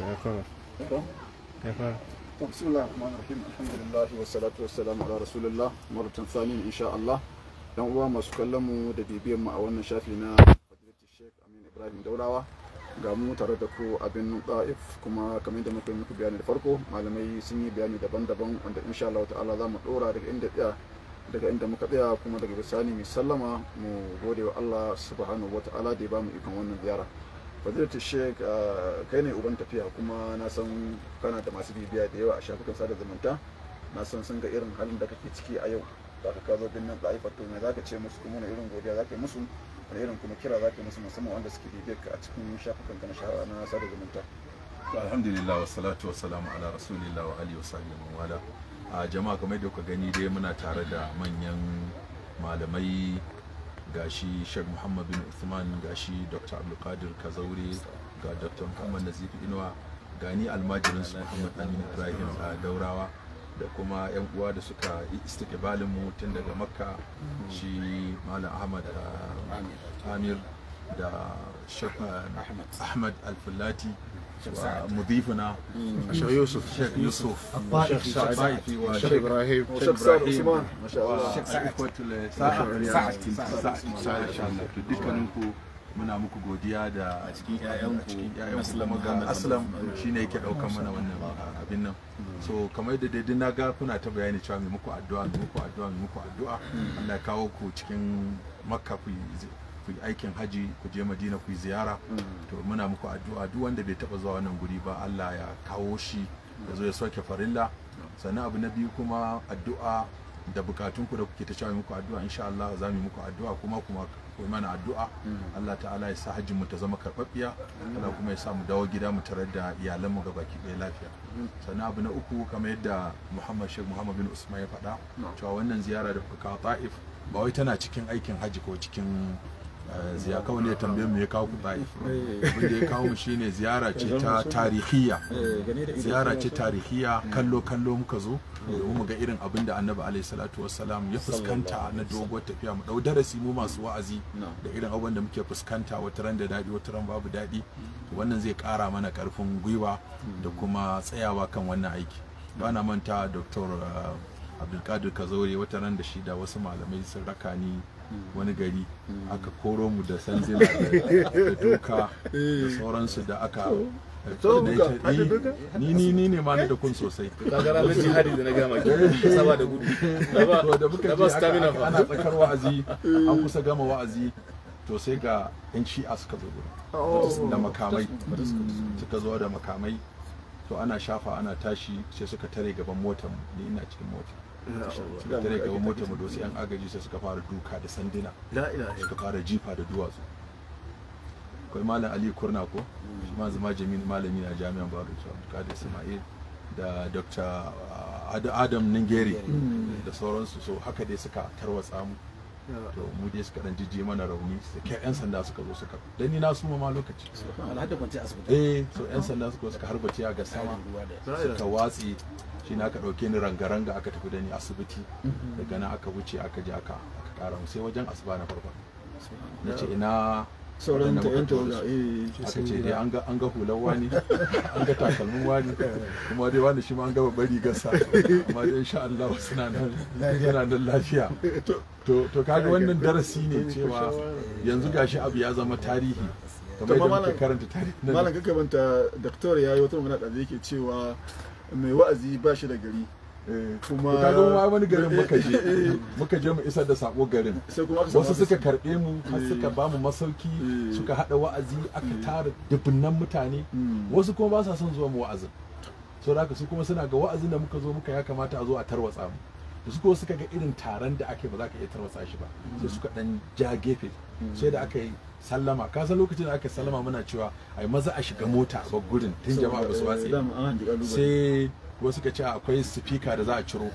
ya fara ya fara بسم الله الرحمن الرحيم الحمد لله والصلاة والسلام على رسول الله مرة ثانية إن شاء الله dan uwa masu kallon mu da bibiyan mu a wannan shafi na Fadilati Sheikh Amin Ibrahim Daurawa ga mu tare da ku abin da'if kuma kamar da muka muku bayani da farko malamai sun yi bayani daban-daban wanda insha Allah ta'ala za mu dora daga inda tsaya daga inda muka tsaya kuma daga bisani mu sallama mu gode wa Allah subhanahu wa ta'ala da ya bamu mu ikon wannan ziyara fadilatu sheik ah, kai ne uban tafiya kuma na san kana da masu bibiya da yawa a shafukan sada zumunta na san sun ga irin halin da kake ciki a yau za ka kazo din nan za'ifa to mai za ka ce musu kuma wani irin godiya za ka yi musu wani irin kuma kira za ka yi musu musamman wanda suke bibiyar ka a cikin shafukan ka na sada zumunta alhamdulillah wassalatu wassalamu ala rasulillah wa alihi wa sahbihi wala a ah, jama'a kamar da kuka gani dai muna tare da manyan malamai gashi Sheikh Muhammad bin Uthman gashi Dr. Abdulkadir Kazaure ga Dr. Muhammad Nazif Inuwa gani almajirin su Muhammad Amin Ibrahim a Daurawa da kuma yan uwa da suka istiqbalin mu tun daga Makka shi Malam Ahmad Amir da Sheikh Ahmad Al-Fulati مضيفنا الشيخ يوسف الشيخ يوسف الشيخ سعيد الشيخ ابراهيم الشيخ عثمان ما شاء الله الشيخ سعيد سعد سعد سعد ان شاء الله دكانكم muna muku godiya da a cikin ƴaƴanku cikin ƴaƴanku aslam shine yake daukar mana wannan abin nan mm. so kamar yadda dai na ga kuna ta bayani cewa mai muku addu'a muku addu'a muku addu'a mm. Allah ya kawo ku cikin makka ku ku aikin haji ku je madina ku ziyara to muna muku addu'a duk wanda bai taba zuwa wannan guri ba Allah ya kawo shi ya zo ya soke farilla sannan abu na biyu kuma addu'a da bukatun ku da kuke ta cewa muku addu'a insha Allah za mu muku addu'a kuma kuma ku mana addu'a Allah ta'ala ya sa hajjin mu ta zama karbabbiya Allah kuma ya sa mu dawo gida mu tarar da iyalan mu gabaki ɗaya lafiya sannan abu na uku kamar yadda Muhammad Sheikh Muhammad bin Usman ya faɗa cewa wannan ziyara da kuka kawo Taif ba wai tana cikin aikin haji ko cikin Eh, Ziya kawai ne ya mu ya kawo ku ta'if eh. da ya kawo mu shine ziyara ce ta tarihiya eh, ziyara ce tarihiya hmm. kallo kallo muka zo hmm. domin mu ga irin abin da annabi alayhi salatu wassalam ya fuskanta na doguwar tafiya mu dau darasi mu masu wa'azi da irin abin da muke fuskanta wata ran da daɗi wata ran babu daɗi hmm. wannan zai kara mana karfin gwiwa da kuma tsayawa kan wannan aiki bana manta dr abdulkadir kazaure wata ran da shi da wasu malamai sun raka ni wani gari aka koro mu da sanzila da doka da sauransu da aka eh, ni ni ni ne ma da kun sosai kaga ranar jihadi da na gama ki eh. saba da gudu da ba muka ba. ana tsakar wa'azi an eh. kusa gama wa'azi to sai ga yan a suka zo oh. da makamai suka zo da makamai to ana shafa ana tashi sai suka tare gaban motar ni ina cikin mota suka tare gaban mota mu dosi yan agaji sai suka fara duka da sandina suka fara jifa da duwatsu akwai malam ali kurna ko shi ma jami'in malami na jami'an baro da ismail da dr ah, adam ningeri da sauransu so haka dai suka tarwatsa mu to mu dai suka dan jije mana rauni sai yan sanda suka zo suka dan ni na suma ma lokaci eh so yan sanda suka zo suka harbace ga sama suka watsi shi na ka dauke ni rangaranga aka tafi da ni asibiti daga nan aka wuce aka je aka aka kara sai wajen asuba na farko na ce ina sauran ta yan tawaga eh aka ce dai an ga an ga hular wani an ga takalmin wani kuma dai wani shi ma an gaba bari gasa amma dai insha Allah suna nan yana nan lafiya to to kaga wannan darasi ne cewa yanzu gashi abu ya zama tarihi kamar yadda muka karanta tarihi malam banta doktor yayi wata magana da yake cewa mai wa'azi ba shi da gari kuma kaga mu wani garin muka je eh, eh, eh. muka je mu isar da sako garin wasu suka karbe mu har suka ba mu masauki suka hada wa'azi aka tara dubunnan mutane hmm. wasu kuma ba sa son zuwa mu wa'azin so da su kuma suna ga wa'azin da muka zo muka ya kamata a zo a tarwatsa mu da suka kuma suka ga irin taron da ake ba za ka iya tarwatsa shi ba hmm. sai suka dan ja gefe hmm. sai da aka yi sallama ka san lokacin da aka sallama muna cewa ai maza a shiga mota ba gurin tun jama'a ba su watse sai wasu suka ce akwai sifika da za a ciro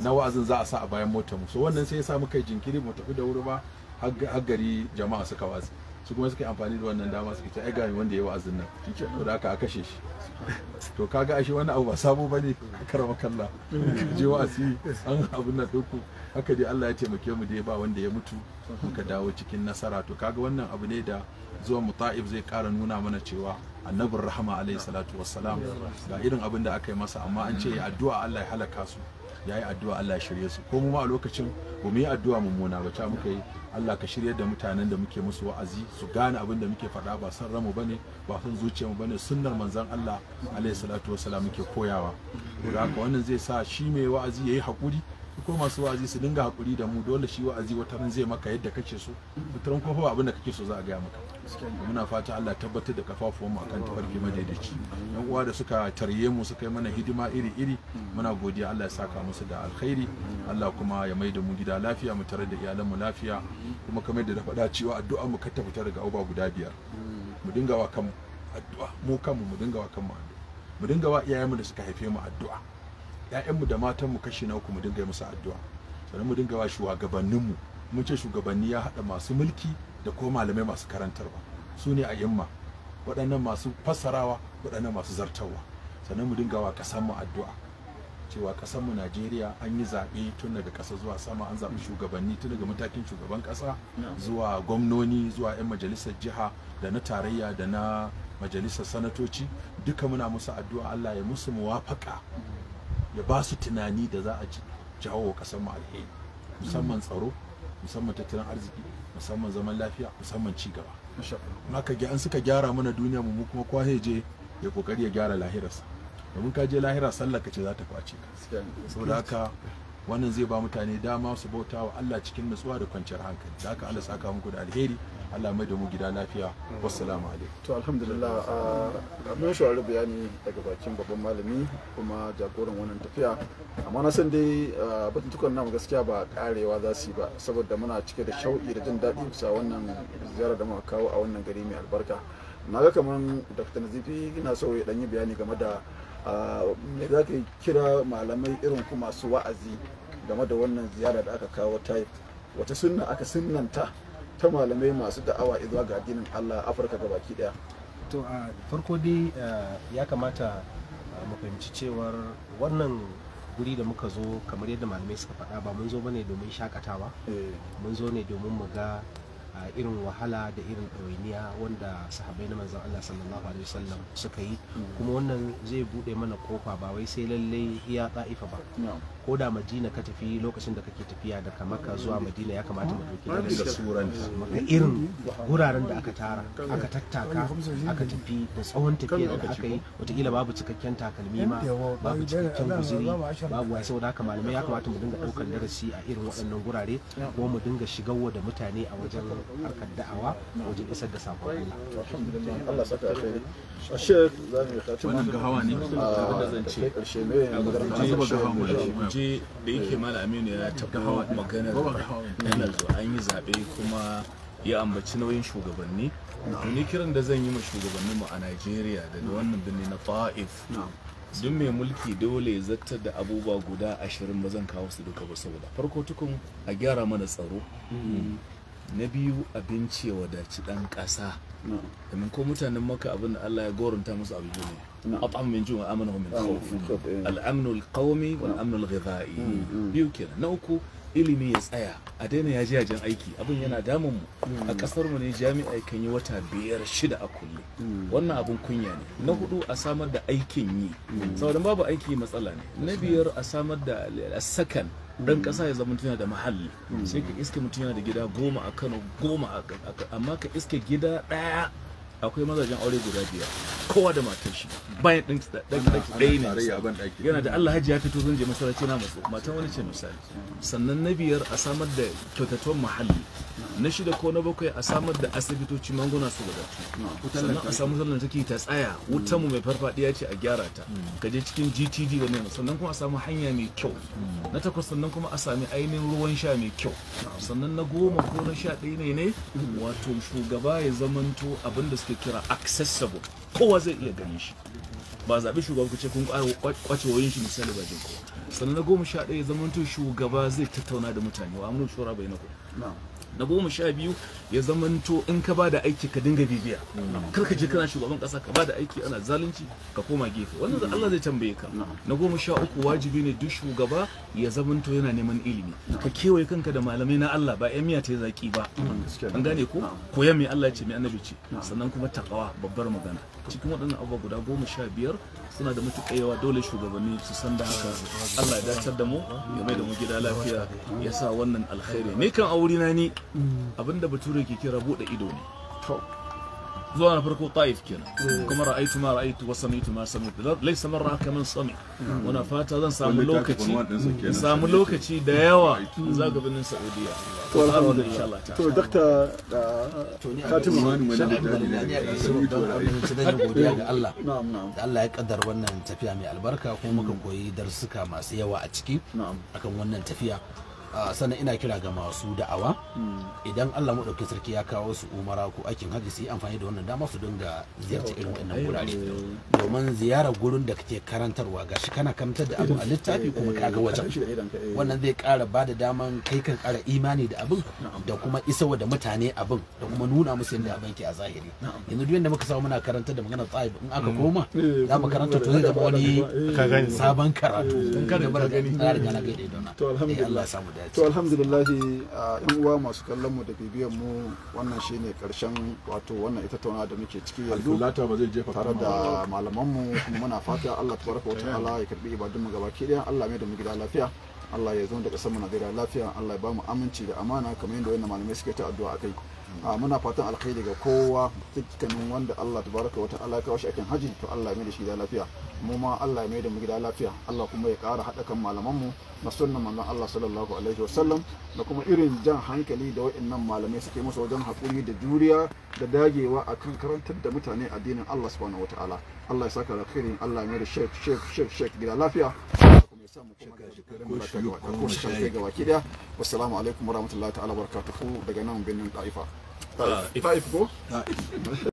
na wa'azin za a sa a bayan motar mu so wannan sai ya sa muka jinkiri mu tafi da wuri ba har gari jama'a suka watsa. su kuma suka amfani da wannan dama suka ce ai ga wanda ya wa'azin nan to da aka a kashe shi to kaga ashe wani abu ba sabo bane karama kalla je wa'azi an abun nan duku. haka dai Allah ya taimake mu da ya ba wanda ya mutu ka dawo cikin nasara to kaga wannan abu ne da zuwa muta'ib zai kara nuna mana cewa annabi rahama alayhi salatu wassalam ga irin abin da aka yi masa amma an ce addu'a Allah ya halaka su ya yi addu'a Allah ya shirye su ko mu ma a lokacin ba mu yi addu'a mummuna ba ta muka yi Allah ka shirye da mutanen da muke musu wa'azi su gane abin da muke faɗa ba san ramu bane ba san zuciya mu bane sunnar manzon Allah alaihi salatu wassalam muke koyawa haka wannan zai sa shi mai wa'azi yayi hakuri ko masu wa'azi su dinga hakuri da mu dole shi wa'azi wata ran zai maka yadda kake so wata ran kuma abin da kake so za a gaya maka muna fata Allah tabbatar da kafafuwanmu akan tafarki madaidaici yan uwa da suka tarye mu suka yi mana hidima iri-iri muna godiya Allah ya saka musu da alkhairi Allah kuma ya maida mu gida lafiya mu tare da iyalanmu lafiya kuma kamar da faɗa cewa addu'a mu kar ta daga uba guda biyar mu dinga wa kanmu addu'a mu kanmu mu dinga wa kanmu addu'a mu dinga wa iyayenmu da suka haife mu addu'a ƴaƴanmu da matanmu kashi na uku mu dinga musu addu'a sannan mu dinga wa shugabanninmu mun ce shugabanni ya haɗa masu mulki da ko malamai masu karantarwa su ne a yamma waɗannan masu fassarawa waɗannan masu zartarwa sannan mu dinga wa mu addu'a cewa mu najeriya an yi zaɓe tun daga ƙasa zuwa sama an zaɓi shugabanni tun daga matakin shugaban ƙasa zuwa gwamnoni zuwa 'yan majalisar jiha da na tarayya da na majalisar sanatoci duka muna musu addu'a allah ya musu muwafaka ya ba su tunani da za a jawo wa mu alheri musamman tsaro musamman tattalin arziki musamman zaman lafiya musamman ci gaba an suka gyara mana duniya mu kuma kwahe je ya kokari ya gyara lahirarsa domin ka je lahira sallar ka ce za ta kwace ka saboda haka wannan zai ba mutane dama su bauta wa Allah cikin nutsuwa da kwanciyar hankali da haka Allah saka muku da alheri Allah mai da mu gida lafiya wassalamu alaikum to alhamdulillah mun shawarar bayani daga bakin babban malami kuma jagoran wannan tafiya amma na san dai batun tukan namu gaskiya ba karewa za su yi ba saboda muna cike da shauƙi da jin daɗi bisa wannan ziyarar da muka kawo a wannan gari mai albarka na ga kamar dr nazifi ina so ya yi bayani game da me za ka kira malamai irin ku masu wa'azi game da wannan ziyara da aka kawo ta wata sunna aka sunnanta ta malamai masu da'awa zuwa ga addinin Allah Afirka ga baki daya to a farko dai eh, ya kamata eh, mu fahimci cewar wannan guri da muka zo kamar yadda malamai suka faɗa ba mun zo bane domin shakatawa eh. mun zo ne domin mu ga irin wahala da irin ɗawainiya wanda sahabai na manzan Allah sallallahu alaihi wasallam suka yi hmm. kuma wannan zai buɗe mana kofa ba wai sai lallai iya ta'ifa ba ko da madina ka tafi lokacin da kake tafiya daga maka zuwa madina ya kamata mu dauki da irin guraren da aka tara aka tattaka aka tafi da tsawon tafiya da aka yi wataƙila babu cikakken takalmi ma babu cikakken guziri babu wai saboda haka malamai ya kamata mu dinga ɗaukar darasi a irin waɗannan gurare ko mu dinga shigarwa da mutane a wajen harkar da'awa wajen isar da sakon Allah. Allah saka a shek za mu yi kacin wannan gahawa ne. A ƙarshe ne. A ƙarshe ne. je da yake mala aminu ya taɓa maganar yanar an yi zaɓe kuma ya ambaci nauyin shugabanni ni kiran da zan yi ma shugabannin mu a Najeriya da wannan birni na faif duk mai mulki dole zata da abubuwa guda ashirin ba zan kawo su duka ba saboda farko tukun a gyara mana tsaro mm. na biyu abinci ya wadaci dan kasa domin ko mutanen maka abin Allah ya gorunta musu abu ne at'am min ju'a amanu min khawf oh, al-amn al-qawmi wal amn al-ghidha'i mm, mm. biyu kenan na uku ilimi ya tsaya a daina ya ji ajin aiki abin yana damun mu mm. a kasar mu ne jami'a kan yi wata biyar shida a kulle wannan abin kunya ne na hudu a samar da aikin yi saboda babu aiki matsala ne na biyar a samar da sakan dan kasa ya zama tuna da mahalli sai ka iske mutum yana da gida goma a kano goma amma ka iske gida daya akwai mazajen aure guda biyar kowa da matar shi bayan ɗin ɗaya ne yana da Allah hajji ya fito zan je masallaci na matso matan wani ce misali sannan na biyar a samar da kyautatuwan muhalli na shida ko na bakwai a samar da asibitoci manguna su datu sannan a samu zallan take ta tsaya wutan mu mai farfadiya ce a gyara ta ka je cikin GTD da nan sannan kuma a samu hanya mai kyau na takwas sannan kuma a sami ainihin ruwan sha mai kyau sannan na goma ko na sha ɗaya ne ne wato shugaba ya zamanto abin da suke kira accessible kowa zai iya ganin shi ba zaɓi shugaban ku ce kun kwace wayoyin shi misali ba jinko sannan na goma sha ɗaya zamanto shugaba zai tattauna da mutane wa shura bai na na goma sha biyu ya zamanto in ka ba da aiki ka dinga bibiya kar ka je kana shugaban kasa ka ba da aiki ana zalunci ka koma gefe wannan da Allah zai tambaye ka na goma sha uku wajibi ne duk shugaba ya zamanto yana neman ilimi ka kewaye kanka da malamai na Allah ba yan miya ta zaki ba an gane ko koya mai Allah ce mai annabi ce sannan kuma takawa babbar magana cikin waɗannan abubuwa guda goma sha biyar suna da matuƙa yawa dole shugabanni su san da haka Allah ya dacar da mu ya mai da mu gida lafiya ya sa wannan alkhairi ne kan na ni Mm. abinda bature ke kira bude ido ne zuwa na farko taif kenan eh. kuma ra'aitu ma ra'aitu wa sami ma sami'tu samar marra kaman sami wana mm. fata zan samu lokaci samu lokaci da yawa mm. za ga binin saudiya to alhamdulillah insha Allah to dakta uh, Fatima sai godiya ga Allah da Allah ya kaddar wannan tafiya mai albarka kuma muka koyi darsuka masu yawa a ciki akan wannan tafiya Ah, sannan ina kira ga masu da'awa hmm. idan Allah maɗauki sarki ya kawo su umara ko aikin hajji su yi amfani da wannan dama su dinga ziyarci irin wannan wurare domin ziyarar gurin da kake karantarwa shi kana karantar da abu a littafi kuma kaga wajen eh. wannan zai ƙara ba da daman kai kan ƙara imani da abin da kuma isawa da mutane abin da kuma nuna musu yadda abin ke a zahiri yanzu duk yadda muka samu muna karantar da magana tsayi in aka hmm. koma eh, za mu karanta to zai zama wani eh. sabon karatu in ka da mara gani na riga na gaida don Allah samu da to alhamdulillah yan uwa masu kallon mu da bibiyan mu wannan shine karshen wato wannan ita tauna da muke ciki yanzu tare da malaman mu kuma muna fata Allah tabaraka wa ta'ala ya karbi ibadun mu gabaki daya Allah mai da mu gida lafiya Allah ya zo da kasar mu gida lafiya Allah ya ba mu aminci da amana kamar yadda wannan malamai suke ta addu'a akai muna fatan alkhairi daga kowa dukkanin wanda Allah tabaraka wa ta'ala ya kawo shi aikin haji to Allah ya mai da shi da lafiya mu ma Allah ya mai da mu gida lafiya Allah kuma ya kara haɗa kan malaman mu na sunnan manzon Allah sallallahu alaihi wa sallam da kuma irin jan hankali da wa'annan malamai suke musu wajen hakuri da juriya da dagewa a kan karantar da mutane addinin Allah subhanahu wa ta'ala Allah ya saka alkhairi Allah ya mai da shek shek shek shek gida lafiya sa mu koma ga shekarun daya ta'ala barakatuhu daga nan birnin ta'ifa ko